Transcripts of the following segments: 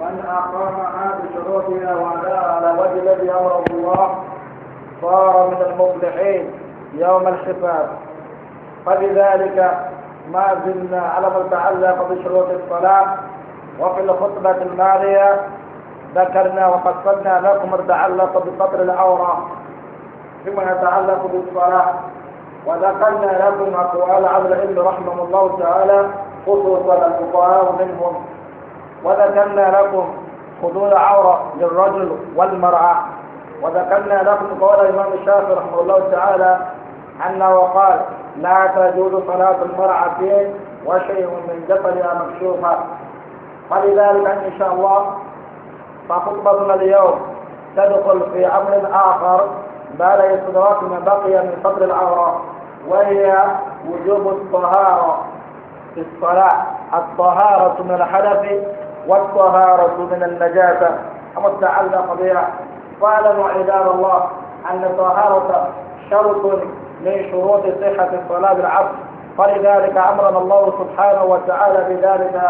من أقامها بشروطها وأداها على وجه الذي أمره الله صار من المفلحين يوم الحساب فلذلك ما زلنا على ما تعلق بشروط الصلاة وفي الخطبة الماضية ذكرنا وفصلنا لكم ما تعلق بقدر العورة فيما يتعلق بالصلاة وذكرنا لكم أقوال عبد العلم رحمه الله تعالى خصوصا الفقهاء منهم وذكرنا لكم حدود عورة للرجل والمرأة وذكرنا لكم قول الإمام الشافعي رحمه الله تعالى أنه قال لا تجوز صلاة المرأة فيه وشيء من جسدها مكشوفة فلذلك إن شاء الله فخطبتنا اليوم تدخل في أمر آخر لا يستدرك ما بقي من فضل العورة وهي وجوب الطهارة في الصلاة الطهارة من الحدث والطهارة من النجاسة وما استعلق بها فاعلموا عباد الله أن الطهارة شرط من شروط صحة صلاة العصر فلذلك أمرنا الله سبحانه وتعالى بذلك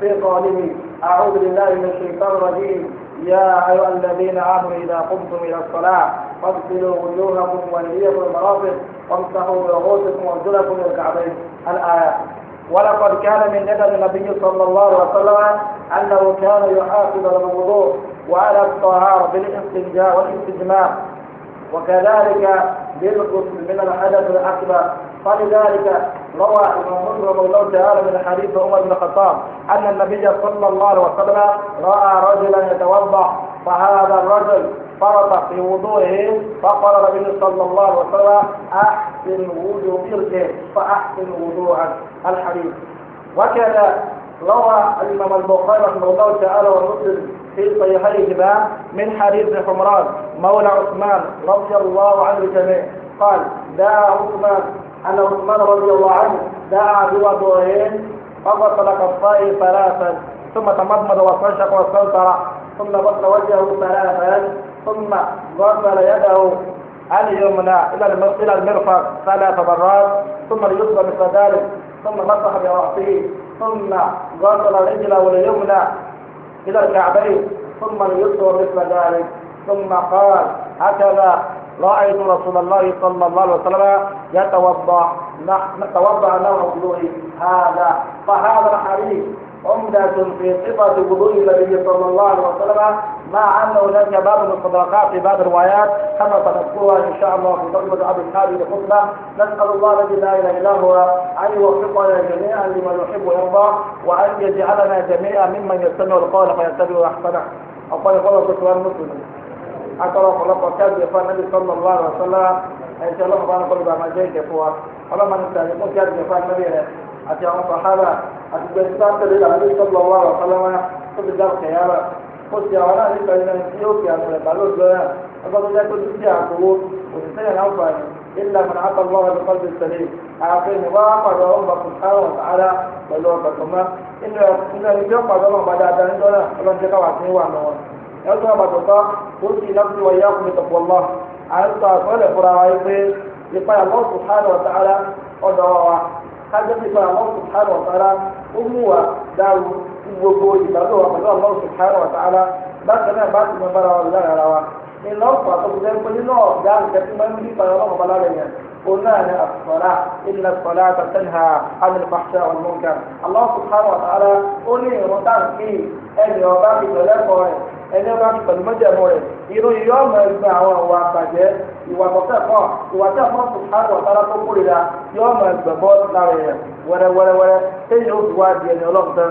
في قوله أعوذ بالله من الشيطان الرجيم يا أيها الذين آمنوا إذا قمتم إلى الصلاة فاغسلوا وجوهكم وأيديكم المرافق وامسحوا برؤوسكم وارجلكم إلى الكعبين الآية ولقد كان من ندم النبي صلى الله عليه وسلم أنه كان يحافظ على الوضوء وعلى الطهارة بالاستنجاء والاستجمام وكذلك بالغسل من الحدث الأكبر فلذلك روى ابن مسلم رضي الله تعالى من حديث عمر بن الخطاب أن النبي صلى الله عليه وسلم رأى رجلا يتوضأ فهذا الرجل فرط في وضوئه فقال النبي صلى الله عليه وسلم احسن وضوءك فاحسن وضوءا الحديث وكذا روى الامام البخاري رحمه الله تعالى ومسلم في صحيحيهما من حديث حمران مولى عثمان رضي الله عنه الجميع قال دعا عثمان ان عثمان رضي الله عنه دعا بوضوئه فغسل كفائه ثلاثا ثم تمضمض واستنشق واستنثر ثم غسل وجهه ثلاثا ثم غسل يده اليمنى إلى إلى المرفق ثلاث مرات ثم اليسرى مثل ذلك ثم مسح برأسه ثم غسل رجله اليمنى إلى الكعبين ثم اليسرى مثل ذلك ثم قال هكذا رأيت رسول الله صلى الله عليه وسلم يتوضأ نتوضأ له وضوئي هذا فهذا الحديث عمدة في صفة وضوء النبي صلى الله عليه وسلم مع أنه نزل باب من الصداقات في بعض الروايات كما سنذكرها إن شاء الله في خطبة عبد هذه الخطبة نسأل الله الذي لا إله إلا هو أن يوفقنا جميعا لما يحب ويرضى وأن يجعلنا جميعا ممن يستمع القول فيتبع أحسنه أقول قول القرآن مسلم أترى خلق كذب يقول النبي صلى الله عليه وسلم إن شاء الله ما وتعالى ما جاء كفوا فلما نستهلكون كذب يقول النبي àti àwọn sàhábà àti gbẹ̀sí bá tẹ̀lé làwọn ilé sọ́gbọ̀ wà wà fọlọ́wọ́ tó fi dáhùn kẹ̀yàrá ó ti àwọn náà nípa iná tí ó fi àtẹ̀lẹ̀ balóògbé náà ọgbà tó jẹ́ kó ti sí àkówó òṣìṣẹ́ yẹn láǹfààní ilà mọ̀nà àtàlọ́ wà lọ́kọ́ ti tẹ̀lé ààfin ìwà àpàdé ọmọ kùsàrà ọ̀tàrà pẹ̀lú ọgbà tó má inú ẹni tí fúnra wa yìí pé ìpayà lọ́sùn sáré ọ̀tàrà ọ̀dọ̀ wa kájọ́ pípa àwọn subhanahu wa ta'ala ó mú wa dáru gbogbo ìgbàdo wa pẹ̀lú àwọn subhanahu wa ta'ala bákan náà bá ti mọ bára wa lára ara wa nínú ọ̀pọ̀ àtọ́kùnrin pé nínú ọ̀gá ìjẹ́ tí máa ń bí ìpàdé ọlọ́run ọba lára yẹn قلنا أن الصلاة إن الصلاة تنهى عن الفحشاء والمنكر الله سبحانه وتعالى قل لي رمضان في أن يوضع في ثلاثة ẹni ọba pẹ̀lú mọ́jẹ̀mú rẹ̀ inú yíyọ́ ọmọ ẹgbẹ́ àwọn ìwà àgbàjẹ́ ìwà tọ́kẹ́kọ́ ìwà tí àwọn sùkúrù ọ̀tára tó kúrè la yọ ọmọ ẹgbẹ́ bọ́ lára yẹn wẹ́rẹ́wẹ́rẹ́wẹ́rẹ́ téèyàn ó ti wá di ẹni ọlọ́ọ̀tán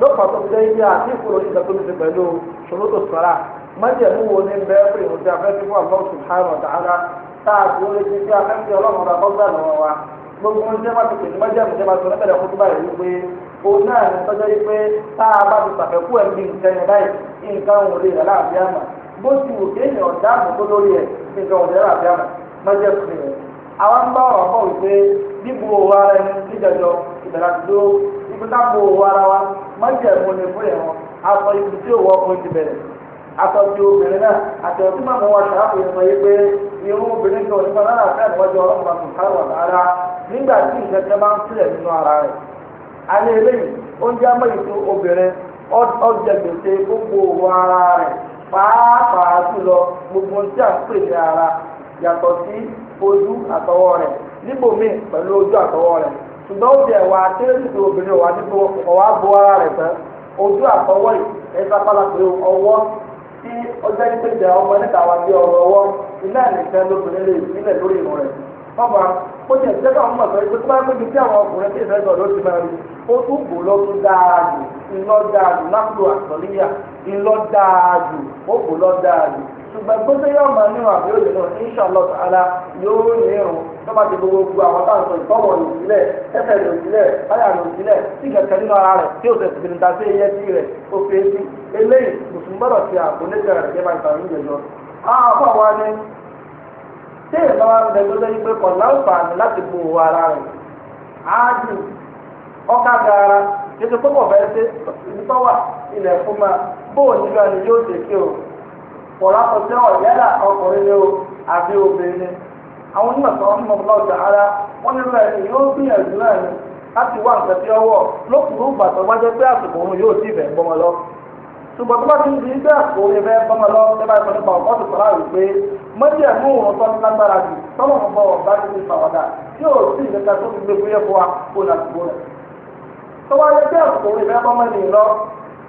lọ́pàá tó fi dẹ́ ibi àti ìkúrò yìí tó ti pẹ̀lú ṣòro tó sọ̀rà mọ́jẹ̀mú wo ni bẹ́ẹ̀ pé ìwọ̀n tí a fẹ́ ti fún àwọn sùkúrù ọ̀tára táà tó lè ti fi afẹ́fẹ́ ọlọ́run ọ̀rọ̀ àkọ́gbà lọ́wọ́ wa gbogbo ń jẹ́ wá ti pè ní mọ́jẹ̀mú jẹ́ wá ti rẹ́ òun náà ní tọ́jọ́ yìí pé tá a bá ti pàfẹ́kù ẹ̀mí nǹkan yẹn báyìí nǹkan òun lè rà láàbí àmà bó ti kéèyàn ọ̀dà àbùkù lórí ẹ̀ nǹkan lè láàbí àmà mọ́jẹ́ ara ẹni níjọjọ ìbẹ̀rẹ̀ àdúró ibi tá bu owó ara wa mọ́jẹ́ fún aṣọ ibi tí òwò ọkùnrin ti bẹ̀rẹ̀ aṣọ ti obìnrin náà àti wa ṣàkóso pé àní eléyìí oúnjẹ amóyè obìnrin ọjọ́ gbèsè gbogbo òwò ara rẹ pàápàá jùlọ gbogbo tí a pè ní ara yàtọ̀ sí ojú àtọwọ́ rẹ̀ níbòmíì pẹ̀lú ojú àtọwọ́ rẹ̀ ṣùgbọ́n ó jẹ́ ẹ̀wà tẹ́lẹ̀tì obìnrin ọ̀wá níbo ọ̀wá bo ara rẹ̀ tán ojú àtọwọ́ yìí ẹ̀ka ọwọ́ tí ọmọ níta bí ọ̀rọ̀ ọwọ́ lóbìnrin lè sílẹ̀ lórí rẹ̀ ọba ó ti ẹ̀sẹ̀ káwọn mọ̀ sọ́yìn pé tó bá pé ibi tí àwọn ọkùnrin tí ìfẹ́ sọ̀rọ̀ ló ti máa rí ó tún kò lọ tún dáàdù ńlọ dáàdù lápò àtọ̀líyà ńlọ dáàdù ó kò lọ dáàdù ṣùgbọ́n tó ṣe máa nírun náà yóò nírun tó bá ti tí ìbá wa ikpe tó lórí pé kò láǹfààní láti bu òwò ara rẹ̀ áádùn ọkà gara títí pé kò fẹ́ ṣe ìtọ́wà ilẹ̀ fún ma bóò nígbà ni yóò ṣe o kọ̀ọ̀lá kò sí ọkùnrin ni o àbí obìnrin àwọn ṣùgbọ́n tó bá ti ń di ibẹ̀ òun ìfẹ́ bọ́mọ lọ ṣé báyìí fún nípa ọ̀pọ̀ tó sọ̀rọ̀ àrùn pé mọ́jẹ̀ mú òun sọ ní lágbára jù tọ́lọ̀ fún bọ́ọ̀ bá ti fi fàwọ́dà tí ò sí ìlẹ́ka tó fi gbé fúyẹ́ fún wa kó nà tó bó rẹ̀. tó bá yẹ bẹ́ẹ̀ òun ìfẹ́ bọ́mọ nìyí lọ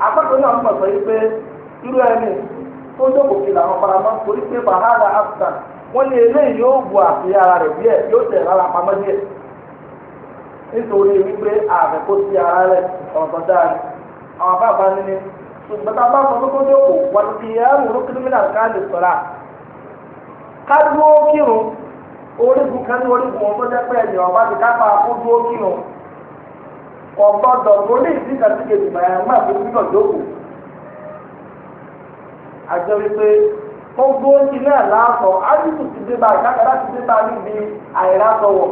akpákan na mọ̀ sọ ikpe irú ẹni tó jókòó kìlà àwọn faramọ́ torí pé bàhálà afghan wọ́n ní eléyìí yóò bu àfihàn ara rẹ̀ díẹ̀ yóò tẹ̀ wípé ààbẹ̀ kó sí ara rẹ̀ ọ̀sán dáa ni ọ̀gbọ́dọ̀ tó lè sí ìdásíkejì bàyà máa fi gbúdọ̀ jókòó. àjọ wípé gbogbo ilé àlàáfọ̀ áyùkù ti dé bá ìkádàrá ti dé bá níbi àìrásọwọ̀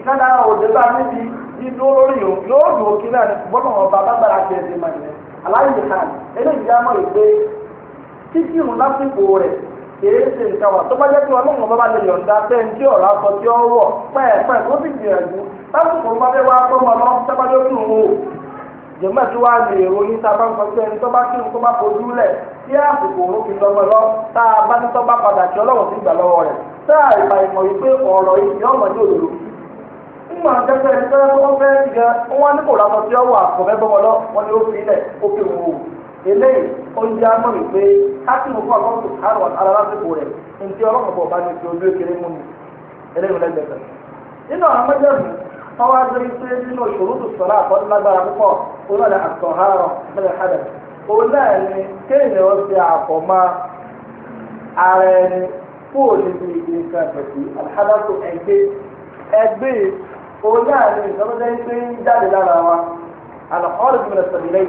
ìkádàrá ò dé bá níbi dídó lórí òun yóò dùn òkè náà gbọ́dọ̀ wọn bá bágbára ti ẹ̀sìn màdìrẹ́ aláìlè kan eléyìí á mọ̀ wípé kíkírun lásìkò rẹ̀ kìí ṣe nǹkan wà tó bá jẹ́ pé ọlọ́run ọba bá lè yọ̀ǹda bẹ́ẹ̀ ní ọ̀rọ̀ akọ tí ó wọ̀ pẹ́ẹ́pẹ́ tó sì gbìyànjú lásìkò bá fẹ́ wá tọ́mọ lọ sábàjọ́ dùn wò jẹ̀mọ́ tí wàá lè ròyìn tá a bá ń sọ pé ẹni tó bá kí nǹkan bá fojú lẹ̀ tí àsìkò òun fi lọ́mọ lọ tá a bá ní tó bá padà kí ọlọ́run sì gbà lọ́wọ́ rẹ̀ tá a ìgbà ìmọ̀ yìí pé ọ̀rọ̀ yìí ọ̀mọ̀ ní òdòdó ńgbà tẹ́tẹ́ ẹni tó wọ́n fẹ́ẹ́ ti gan wọ́n ní kò lásọ tí ọwọ́ àkọ́fẹ́ bọ́mọ lọ wọ́n ní ó fi ilẹ̀ ó fi wò ó eléyìí oúnjẹ amọ̀ mi pé káàkiri mo fún ọlọ́run tó kárọ̀ ara lásìkò rẹ̀ ntí ọlọ́run bọ̀ bá mi fi ojú ekele mú mi eléyìí lẹ́gbẹ̀ẹ́ nínú àwọn méjèèjì wọ́n wá gbé pé nínú òṣòro tó sọ̀rọ̀ àtọ́ lágbára púpọ̀ òun náà àtọ̀hárọ̀ mẹ́lẹ̀ hádà òun náà ni kéèyàn ó ṣe àfọ̀mọ́ ara ẹni fóò níbi ìgbé nǹkan pẹ̀lú alhádàtò ẹgbẹ́ ẹgbẹ́ òun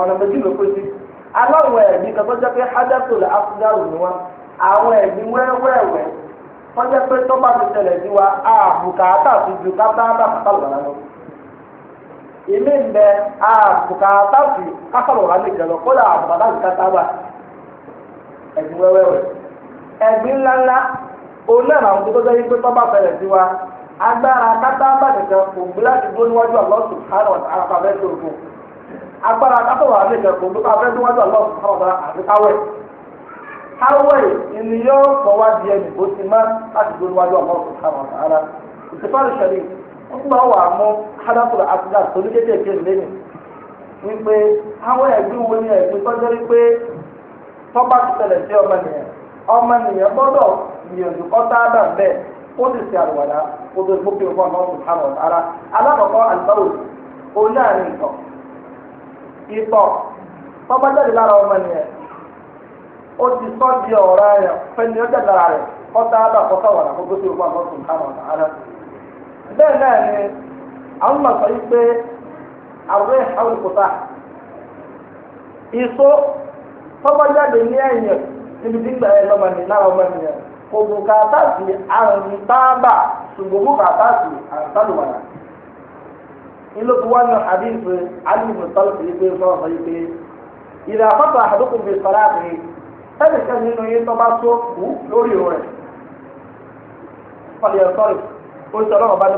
ọ̀nà méjì ló pèsè aláwọ̀ ẹ̀mí kan tó jẹ́ pé hádàtò lè áfúgárò ni wọn àwọn ẹ̀mí wẹ́wẹ́wẹ́ tó jẹ́ pé tó bá ti tẹ̀lẹ̀ sí wa àbùkátà ti ju kápá bàbá lọ́la lọ. èmi ń bẹ àbùkátà ti kásàlọ̀ ẹ̀mí wẹ́wẹ́wẹ́ ẹ̀mí ńláńlá tó pé tó bá tẹ̀lẹ̀ sí wa agbára kátọ̀wà lè jẹ gbogbo abẹ́ tó wájú àlọ́ fún ọ̀dà àti káwẹ̀. káwẹ̀ ni yóò sọ wá di ẹnì tó ti má láti gbé wájú àlọ́ fún káwọn ọ̀dà. ìtìfáàlì ṣẹlẹ̀ ń gbà wà mú hádàfúrà àtìgá torí kéékèèké lẹ́nu wípé káwẹ̀ ẹ̀gbìn wo ni ẹ̀gbìn tó jẹ́rí pé tọ́ba ti tẹ̀lẹ̀ sí ọmọ nìyẹn ọmọ nìyẹn gbọ́dọ̀ gbìyànjú kọ́ ịtọ tọ́ba jáde lára ọmọ nìyẹn ó ti di ọ̀rọ̀ ayọ̀ fẹ́ni ó lára rẹ̀ kọ́tà ábà kọ́tà wà lákòókò àwọn ara bẹ́ẹ̀ náà ni àwọn sọ yìí pé àwọn jáde ní ẹ̀yìn níbi tí ń gbà ẹ̀ lọ́mọ lára ọmọ kò bùkátà sí àrùn ńlọ́kù wà nù hadith ali musalaf yìí pé sọ̀rọ̀ sọ̀rọ̀ yìí pé ìlà àpapọ̀ àdókùn bíi sọ̀rọ̀ àbẹ̀yẹ ẹnì kan nínú yín tó bá tó kú lórí ìwọ̀n rẹ̀ fọlẹ̀ sọ̀rọ̀ ó sọ lọ́wọ́ bá ní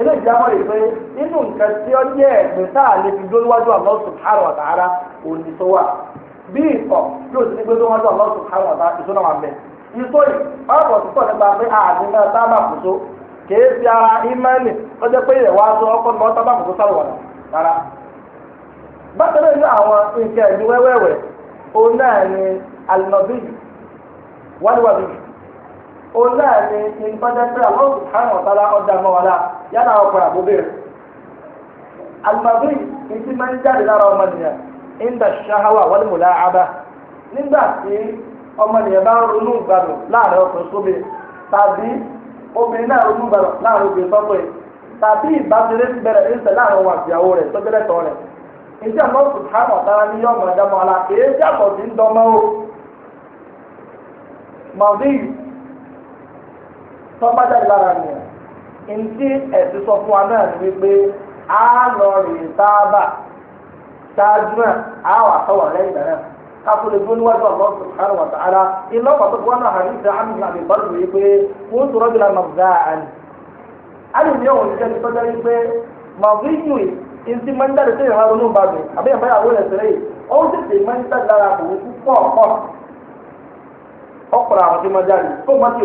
eléyìí àwọn rè pé nínú nǹkan tí ó jẹ́ ẹ̀gbìn tá a lè fi dó níwájú Allah subhanahu wa ta'ala òní tó wà bí ìtọ̀ yóò ti ní gbé níwájú Allah subhanahu ìṣúná wà bẹ̀. ìṣó yìí ọ̀pọ̀ tó nípa pé náà sábà kò kèé fi ara ìmẹ́lì tó jẹ́ pé ilẹ̀ ọkọ̀ ní rárá. bákan náà òun náà ni nǹkan jẹ́ pé àwọn òṣùpáwọn ọ̀dà mọ́ wọn láà yálà ọkọ̀ àbúbẹ̀rẹ̀. àlùmọ̀bí ni ti máa ń jáde lára ọmọnìyàn ìndà ṣáháwà wọ́n ní mùlá àbá nígbà tí ọmọnìyàn bá ronú láàrin ọkùnrin sóbì tàbí obìnrin náà ronú láàrin obìnrin tàbí bẹ̀rẹ̀ láàrin wọn rẹ̀ tọ́ rẹ̀ ọ̀tara ní ẹ̀dá mọ́ tọ́pá jáde lára nìyẹn ntí ẹ̀sìn sọ fún wa náà wípé a lọ rìn sáábà ṣáájú náà a wà sọ̀wọ̀ lẹ́yìn náà lè wa ta'ala iná pàtó fún wa náà hàní ìṣe àmì àmì ìbálò yìí pé kó ń sọ̀rọ̀ jùlọ màgbà àní. àní mi ò ní màgbà ntí máa ń àbí ó ń tètè máa ń lára àwọn tí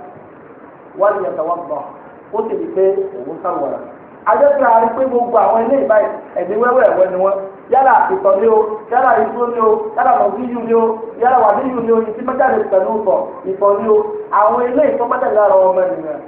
wọ́n yẹ tọwọ́ bọ̀ ó sì di pé òun sàwọ̀rà. adékè àrí pé gbogbo àwọn ilé ìbáyìí ẹ̀mí wẹ́wẹ́ ẹ̀wẹ́ ni wọ́n yálà ìtọ̀ ni o yálà ìtọ̀ ni o yálà mọ̀gíyù ni o yálà wàdíyù ni o ìtìmọ́jáde pẹ̀lú ìtọ̀ ìtọ̀ ni o àwọn ilé ìtọ́gbẹ́dẹ̀ lára ọmọ ènìyàn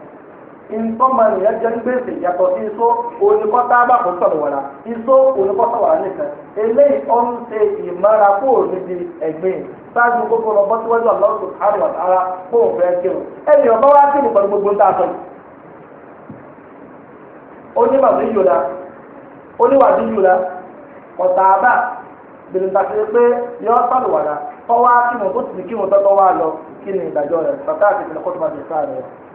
ntọ́mọ iso jẹ́ ń gbèsè yàtọ̀ sí iṣó oníkọ́tà àbàkùn sọ̀rọ̀wọ̀lá iṣó oníkọ́sọ̀wọ̀lá nìkan eléyìí ọ̀n ṣe ìmọ̀ra kó o níbi ẹ̀gbìn ṣáájú gbogbo ọ̀rọ̀ bọ́ síwájú ọ̀lọ́sùn àrùn àtàrà kó o fẹ́ kí o ẹnì ọ̀bá wá gbogbo ń yìí. yòlá ti kí ni tó ti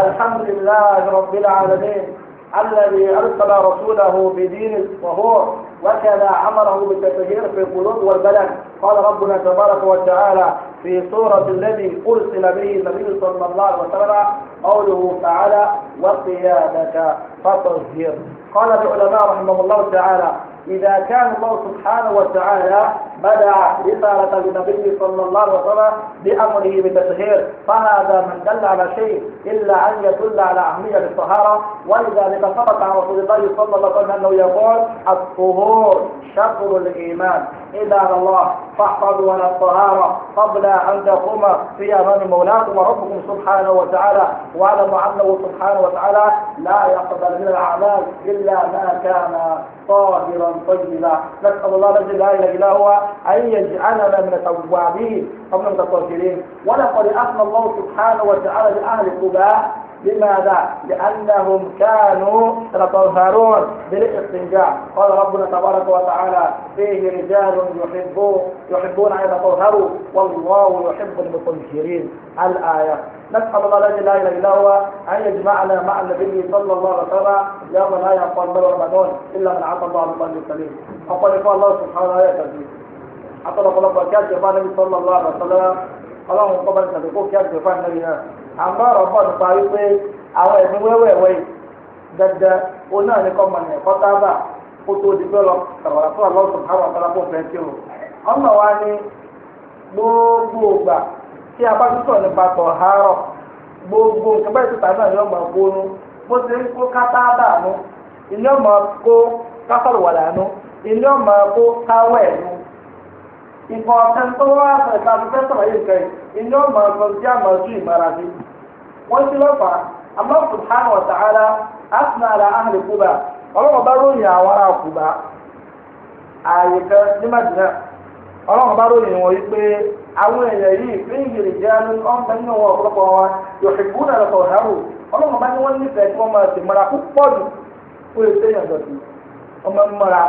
الحمد لله رب العالمين الذي أرسل رسوله بدين الطهور وكان عمله بالتطهير في القلوب والبلد قال ربنا تبارك وتعالى في سورة الذي أرسل به النبي صلى الله عليه وسلم قوله تعالى وقيادك فطهر قال العلماء رحمه الله تعالى إذا كان الله سبحانه وتعالى بدع رسالة النبي صلى الله عليه وسلم بأمره بتشهير فهذا من دل على شيء إلا أن يدل على أهمية الطهارة ولذلك ثبت عن رسول الله صلى الله عليه وسلم أنه يقول الطهور شطر الإيمان عباد الله فاحفظوا على الطهارة قبل أن تقوم في أمام مولاكم وربكم سبحانه وتعالى واعلموا أنه سبحانه وتعالى لا يقبل من الأعمال إلا ما كان طاهرا طيبا نسأل الله الذي لا إله إلا هو أن يجعلنا من التوابين ومن المتطهرين ولقد أثنى الله سبحانه وتعالى لأهل قباء لماذا؟ لأنهم كانوا يتطهرون بالاستنجاء قال ربنا تبارك وتعالى فيه رجال يحبون يحبون أن يتطهروا والله يحب المطهرين الآية نسأل الله الذي لا إله إلا هو أن يجمعنا مع النبي صلى الله عليه وسلم يوم لا يقبل رمضان إلا من عطى الله بقلب سليم أقول قال الله سبحانه وتعالى أعطى الله بركاته النبي صلى الله عليه وسلم اللهم قبل أن تكون كاتب فاهم النبي àmọ́ ọ̀rọ̀ pọ̀ nípa wípé àwọn ẹ̀mí wẹ́wẹ́wẹ́ yìí dandan òun náà ní kọ́ mọ̀ ní ẹ̀kọ́ kó tó di gbọ́lọ̀ sọ̀rọ̀ káwọn ọ̀tọ́lá kó fẹ́ o. wa gbogbo ògbà tí a bá sọ̀rọ̀ nípa tọ̀ gbogbo nǹkan bẹ́ẹ̀ títà náà ti ń kó ilé ọmọ kó ilé ìjọ máa sọ sí àmàtú ìmárasí wọ́n ti lọ́fà àmọ́ subhanahu wa ta'ala asna ala ahli Kuba ọlọ́run bá ròyìn àwọn ará Kuba ààyè kan ní Madina ọlọ́run bá ròyìn wọn yìí pé àwọn èèyàn yìí fíìngìrì jẹ́ ẹni ọ̀nbẹ nínú wọn ọ̀pọ̀lọpọ̀ wọn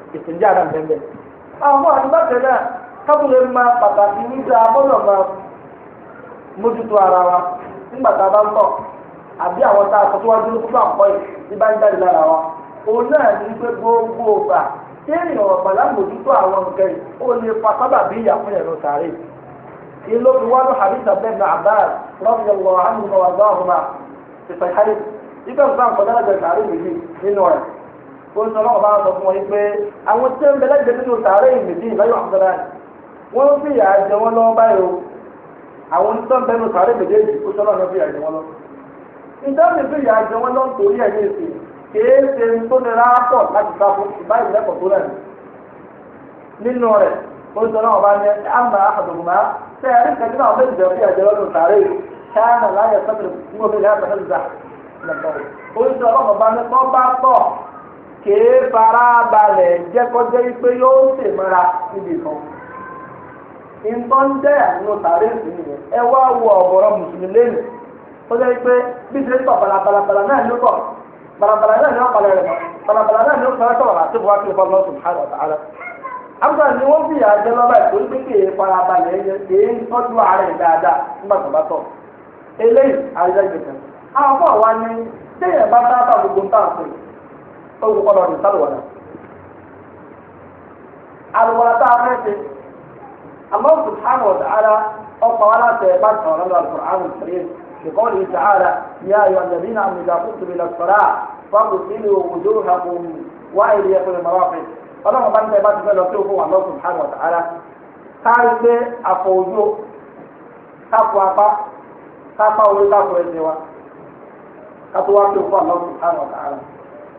ìpínjà náà bẹ́ẹ̀ àwọn àdúgbàtẹ́ náà kábùlẹ̀ máa pàtàkì nígbà máa mójútó ara wa a bá ń bọ̀ àbí àwọn tá a sọ síwájú ní kúbà ń yìí ní bá ń jáde lára wa òun náà ní pé gbogbo ọgbà tí ènìyàn ọ̀gbà lámòjútó àwọn nǹkan yìí ó lè fa sábà bí ìyà fún ẹ̀rọ sàárè ìlú fi wá ní abbas ti ibẹ̀ nǹkan kọjá lẹ́gbẹ̀ẹ́ sàárè nínú ẹ̀ ó sọ náà bá sọ fún wọn pé àwọn tí ń bẹ lẹ́gbẹ̀ẹ́ nínú sàárẹ̀ ìmìdí ìbáyọ̀ àmúdáràn wọ́n ń fìyà jẹ wọ́n lọ́wọ́ báyìí o àwọn tí ń bẹ nínú ó sọ náà jẹ lọ. jẹ nítorí ẹ̀ ní èsì kìí ṣe ń tó nira pọ̀ láti fún lẹ́kọ̀ọ́ tó nínú ó sọ náà bá ní àmà náà méjì jẹ kèé fara balẹ̀ jẹ́kọ́jẹ́ wípé yóò ṣe mara kan. nǹkan jẹ́ àánú tààrí ìsìn yẹn ẹ wá wo ọ̀gọ̀rọ̀ mùsùlùmí lẹ́nu ó jẹ́ wípé bí ṣe ń tọ̀ balabala náà ló tọ̀ balabala náà ló rẹ̀ balabala náà àti ni fi àjẹ lọ́ba balẹ̀ tọ́jú ara ẹ̀ dáadáa nígbà tó bá tọ̀ eléyìí olùkọ́ lọ́ọ̀dì sálùwàlà àlùwàlà tá a fẹ́ ṣe Allah subhanahu wa ta'ala ọkọ̀ wa láti ẹ̀ bá sọ̀rọ̀ lọ́dọ̀ al-Qur'an al-Karim بقوله تعالى يا أيها الذين آمنوا إذا قمتم إلى الصلاة فاغسلوا وجوهكم وأيديكم المرافق ọlọ́run bá ń tẹ́ bá ti fẹ́ lọ sí òkú wa lọ́sùn hàn wà tààrà káàrí pé àpò ojú kápò apá kápá orí kápò ẹsẹ̀ wa kápò wá sí òkú wa lọ́sùn hàn wà tààrà.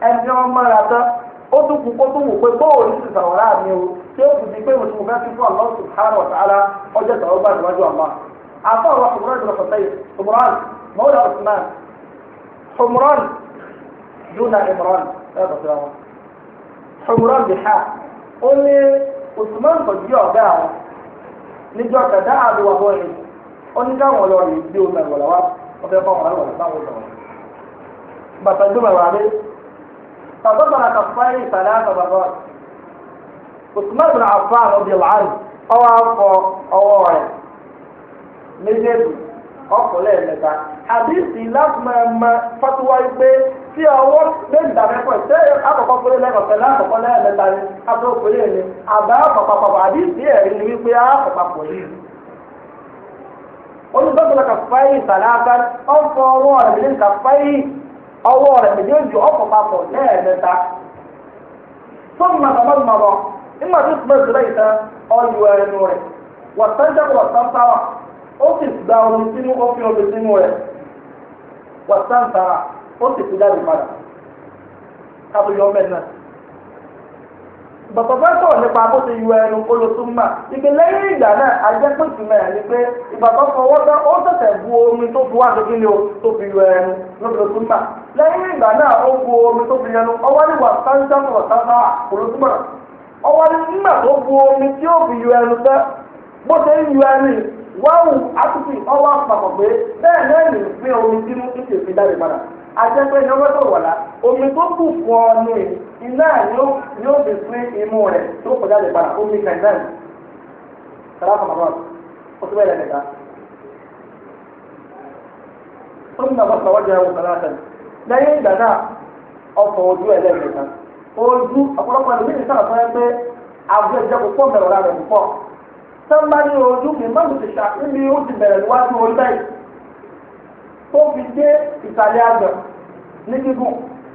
ẹni wọn mọ́ra tán ó tún kú kó tún wò pé bóòlù sì sọ̀rọ̀ láàmì o tí ó kù sí pé mo ti mo fẹ́ fún Allah subhanahu wa ta'ala ọjọ́ ìsọ̀rọ̀ gbà níwájú àmọ́ àfọ̀ àwọn ṣùgbọ́n ìjọba sọ̀tẹ́ yìí ṣùgbọ́n mọ́wúlá Usman ṣùgbọ́n júnà Imran ẹ̀ bọ̀ wọn ṣùgbọ́n bìhá ó ní Usman kò jí ọ̀gá àwọn níjọ́ kẹta yìí ó ní فغفر كفيه ثلاث مرات عثمان بن عفان رضي الله عنه ọwọ́ afọ ọwọ́ rẹ̀ méjèèjì ọkùnrin ẹ̀mẹ́ta àdìsí lápẹ̀mẹ fatuwa pé tí ọwọ́ gbẹ̀ǹdà mẹ́fọ̀ ṣé àkọ́kọ́ péré lẹ́kọ̀ọ́fẹ́ lákọ̀ọ́kọ́ na ni àti òpèrè ọwọ́ rẹ̀ méjèèjì ọkọ̀ papọ̀ lẹ́ẹ̀mẹ́ta tó ń mọ̀tọ́ mọ́tò mọ̀tọ́ nígbà tó ti bẹ̀rẹ̀ sílẹ̀ ìtàn ọ̀yù ẹnu rẹ̀ wọ̀tán jẹ́ wọ̀tán sáwà ó sì gba omi sínú ó fi omi sínú rẹ̀ wọ̀tán sáwà ó sì fi jáde padà kábíyọ́ mẹ́rin náà. bàbá nípa bó ti yọ ẹnu olùsúnmà ìgbè lẹ́yìn ìgbà náà ajẹ́pẹ̀tùmẹ̀ ni pé ìgbà tó fọwọ́ ó bu omi tó fi wá sókè ni o tó fi yọ ẹnu olùsúnmà lẹ́yìn ìgbà náà ó bu omi tó fi yẹnu ọwọ́ wà bu omi tí ó ẹnu tẹ́ bó ṣe ń yọ ẹnu wáwù àtúntì ọwọ́ àpapọ̀ pé omi iná ni ó fi sí imú rẹ̀ tó kọjá lè padà ó ní kẹ̀kẹ́ sara kama kọ́ ó tún bẹ́ẹ̀ lẹ́nu ìta. ó ní bàbá sọ̀wọ́ jẹ́ ohun kan láti lẹ́yìn ìgbà náà ọkọ̀ ojú ẹ̀ lẹ́nu ìta ojú ọ̀pọ̀lọpọ̀ ẹ̀lú méjì sára fún ẹ pé àbúrò ìjẹ́ kò pọ̀ bẹ̀rẹ̀ rẹ̀ púpọ̀ sábà ní ojú mi má lù ti ṣà níbi ó ti bẹ̀rẹ̀ níwájú orí báyìí tó fi dé ìsàlẹ̀ àgbẹ̀ ní gígùn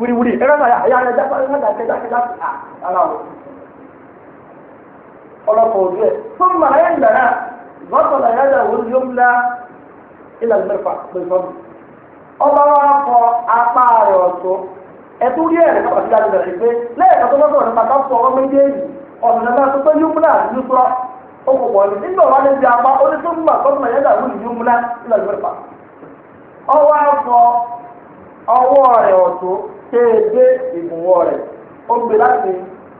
wiriwiri ẹgbẹ́ náà yà yà jáfa ẹgbẹ́ náà kẹjá kẹjá sí à ara o ọlọ́kọ̀ ojú ẹ̀ fún màá yẹn nàrà bọ́tọ̀ náà yà yà wọ́n yóò múlá ilà mẹ́fà mẹ́fà mi ọba wa kọ apá rẹ̀ ọ̀tọ̀ ẹtú rí ẹ̀rẹ̀ kọ́kọ́ sílá nígbà rẹ̀ pé lẹ́yìn tó lọ́dọ̀ rẹ̀ pàtó fọ ọmọ méjèèjì ọ̀nà náà tó pé yúmúlá àti yúsọ́ ó kò wọ́n nígbà wà níbi apá ó ní tó mú àkọ́tùmọ̀ yẹn dàrú ìyúmúlá ilà mẹ́fà ọwọ́ àfọ ọwọ́ rẹ̀ ọ̀tún kéde ìgbìmọ̀ rẹ̀ ó gbé láti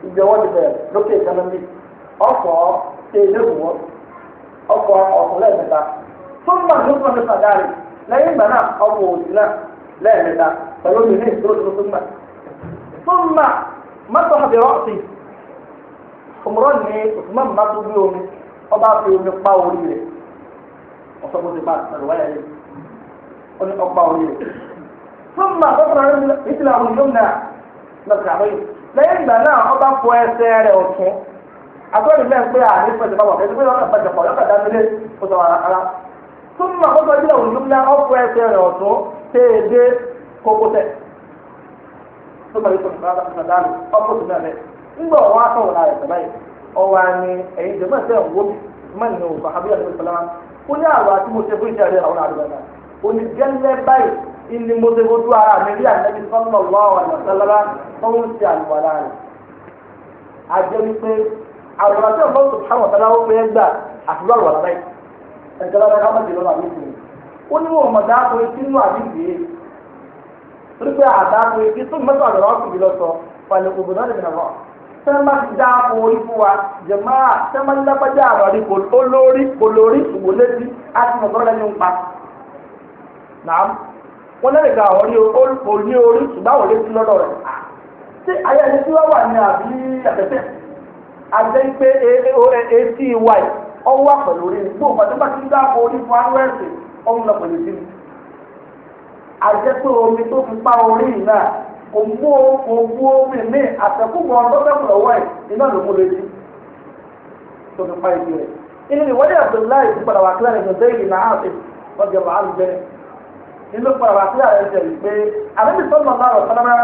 ìjọwọ́ ti lókè ìkànnì ọkọ̀ kéde ìgbìmọ̀ ọkọ̀ ọ̀tún lẹ́ẹ̀mẹ́ta tó ń bà ní ọkọ̀ nípa dáre lẹ́yìn ìgbà náà ọkọ̀ òsì náà pẹ̀lú omi ní tó tó ń bà tó ń bà mọ́tò òmùrọ̀ ní ثم غفر مثله اليمنى مكعبين lẹ́yìn ìgbà náà ọba fọ ẹsẹ̀ rẹ̀ ọ̀tún àtọ́ni mẹ́rin pé àní pẹ̀lú bàbá ọ̀gá ẹgbẹ́ ọ̀gá ìbàjẹ́ pọ̀ lọ́kà dámilé ó sọ ara tó ń mọ àkókò ìdílé òun yúmlá ọ̀fọ̀ ẹsẹ̀ rẹ̀ ọ̀tún téèdé kókó tẹ̀ tó bá yípo nípa nípa dáàlú ọ̀pọ̀ tó mẹ́rin ńgbà ọ̀wọ́ akọ̀wọ̀ náà rẹ̀ ọwọ́ ni ẹ̀yin jẹ́ mẹ́sẹ̀ ń wó mẹ́rin ní òkú àbíyàn ní ìpínlẹ̀ wọn ó ní àwọn àti mo ṣe fún ìṣẹ́ rẹ̀ àwọn àdúgbò náà ó ní gẹ́lẹ́ báyìí ìní mo ṣe fojú ara mi rí ànábi sọ́nà wà wà lọ́sọ̀lọ́lá tó ń ṣe àlùwàlá rẹ̀. àjẹ́ wípé àlùwàlá tí wọ́n sọ sáwọn ọ̀tá láwọn pé ẹ gbà àtúbọ̀ àlùwàlá báyìí. ẹ̀jẹ̀ lára ká má ti lọ́nà àmì ìsìn. ó ní wọn mọ̀dá kò ní sínú àdìsí yìí. torí pé àdá kò ní kí tó mẹ́tọ̀ àlùwàlá ó kìí lọ sọ pàlẹ́ òbò náà lè nà wọn lẹ́yìn ká àwọn ní orí ṣùgbọ́n àwọn létí lọ́dọ̀ rẹ̀ ayé ẹni tí wọ́n wà ní àbí àtẹ̀tẹ̀ àti pé e, e, e, wa ọwọ́ wà orí gbogbo ọ̀pọ̀lọpọ̀ bá ti ń dáàbò orí fún anúwẹ̀sì ọ̀hún lọ pẹ̀lú sí mi omi tó fi pa orí náà òmú omi àtẹ̀kùnkùn ẹ̀ iná ló mú létí tó fi pa ìdí rẹ̀ inú ìwọ́dí wà kílẹ̀ náà àti nínú pàrọ̀ àti ààrẹ jẹ̀ wípé àbẹ́bí sọ́nà náà rọ̀ sálámà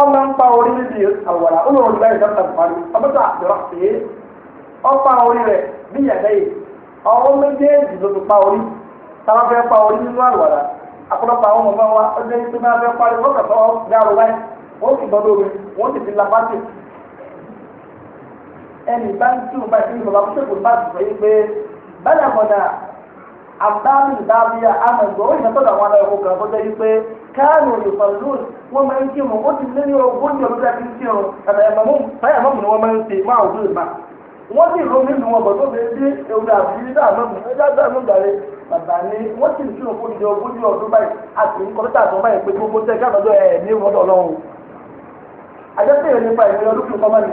ọmọ ń pa orí níbi àwòrán ó lọ́wọ́ ìgbà ìjọba ìparí ọmọdé àjọrọ̀ pé ọpa orí rẹ̀ bí ìyàgbẹ́ yìí ọwọ́ méjèèjì ló ti pa orí táwọn fẹ́ pa orí nínú àlùwàlà àkọlọ́pàá àwọn ọmọ wa ó jẹ́ pé máa fẹ́ parí wọ́n kà sọ́wọ́ ní àrùn báyìí wọ́n sì gbọ́dọ̀ omi wọ́n sì fi la pátì ẹnì bá ń tún báyìí àbámi ìdábíyà amẹ̀gbọ́ ó yẹ sọ́dọ̀ àwọn aláìwọ̀ kan tó jẹ́ wípé káàlù ìfọ̀lù wọ́n máa ń kírun ó ti lé ní ogójì ọdún tẹ́tí ń kírun táyà mọ́mù ni wọ́n máa ń ṣe máa òdú ìmá wọ́n sì rún nínú wọn bọ̀ tó fi dé ewúrẹ́ àbíyí dáa mọ́mù ẹja dáa mọ́mù dàrẹ́ bàbá ni wọ́n sì ń kírun fún ìjọ ogójì ọdún báyìí àti ń kọ́tà tó báyìí pé gbogbo tẹ́ káàmọ́dọ̀ ẹ̀ ní ìwọ́dọ̀ ọlọ́run àjẹsẹ̀ yẹn nípa ìrìn ọdún kìlọ̀ kọ́mọ́ni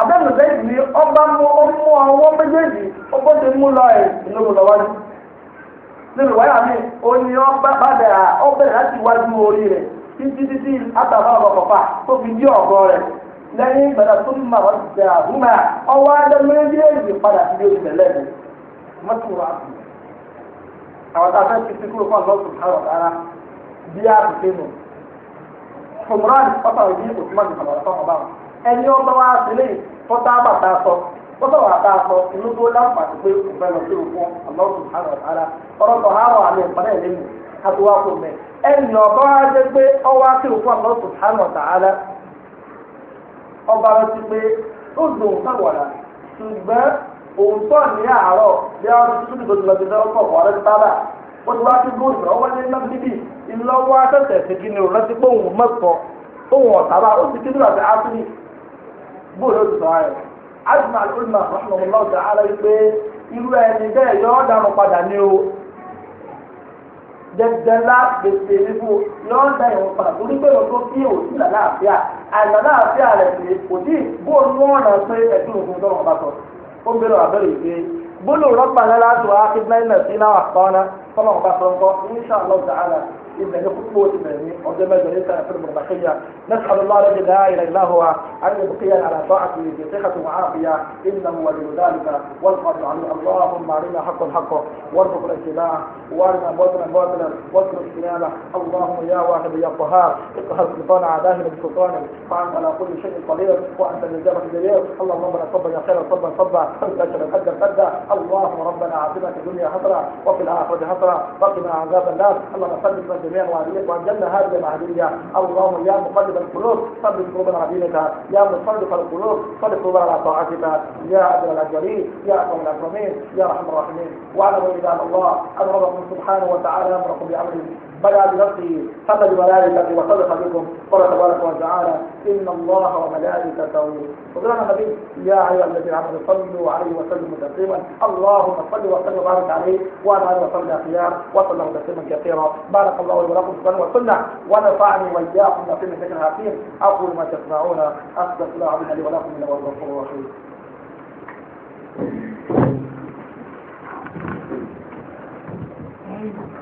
abẹ́nudẹ́ yìí ọba mú ọmú ọwọ́ méjèèjì ọgbọ́n ti mú lọ ẹ̀ ìnáwó lọ́wọ́dún nínú wáyà mi ó ní ọba padà ọbẹ̀ láti wájú orí rẹ̀ títí títí àtàwọn ọ̀rọ̀ pọ̀pá tó fi dí ọ̀gọ́ rẹ̀ lẹ́yìn ìgbàdà tó mú àwọn ìṣẹ̀ àbúmọ̀ ọwọ́ adé méjèèjì padà sí oṣù tẹ̀lẹ̀ mi mọ́tòrò àbù àwọn tá a fẹ́ fi fún àlọ́ sùn rárá bí a ti fi fòmùrán ìdí ẹni ọba wa sílẹ̀ fọ́tà bàtà sọ fọ́tà bàtà sọ inú tó láǹfààní pé kò fẹ́ lọ sí ha ara ọ̀rọ̀ tó hàrọ̀ àmì ìpínlẹ̀ lẹ́nu àtiwá kò mẹ́ ẹni ọba wa jẹ́ pé ọwọ́ sí ọba pé ó dùn sáwọ̀dà ṣùgbọ́n ní àárọ̀ bí a ti tún ìdòdò lọ sí sábà a bóòlù ó ti sọ ayọ̀ azuma alima rahmanulahu ta'ala wípé irú ẹni bẹ́ẹ̀ yọ ọ́ dànù padà ní o dẹdẹla gbèsè níbo yọ ọ́ dànù ìwọ̀n padà torí pé o kí o rẹ̀ kò tí bóòlù wọn pé ẹ̀dùn òfin tó wọn bá sọ ó ń bẹ̀rẹ̀ àbẹ̀rẹ̀ ìgbé bóòlù wá kí náà قوه عندما نسال الله الذي لا اله الا هو ان يبقينا على طاعته صحة وعافيه انه ولي ذلك والقادر عليه اللهم علينا حق الحق وارزقنا الاجتماع وارنا بوطنا بوطنا وارزقنا الاجتماع اللهم يا واحد يا قهار اقهر سلطان عداهم بسلطانك فانت على كل شيء قدير وانت الاجابه الجليل اللهم لا صبا يا خير صبا صبا فانت قدر قدر اللهم ربنا عافنا في الدنيا حسرة وفي الاخره حسرة وقنا عذاب الناس اللهم وسلم جميع وعليك وأنزلنا هذه العادية اللهم يا مقلب القلوب ثبت القلوب على دينك يا مصرف القلوب ثبت القلوب على طاعتك يا أجل الأجلين يا أكرم الأكرمين يا رحم الراحمين واعلموا عباد الله أن ربكم سبحانه وتعالى يأمركم بأمره بلى بنفسه حتى بملائكته وصدق بكم قال تبارك وتعالى إن الله وملائكته وقال النبي يا أيها الذين آمنوا صلوا عليه وسلموا تسليما اللهم صل وسلم وبارك عليه وعلى آله وصحبه أخيار وسلم تسليما كثيرا بارك الله لي ولكم سبحانه والسنة ونفعني وإياكم بما ذكر الحكيم أقول ما تسمعون اصدق الله لي ولكم من هو الغفور الرحيم Thank you.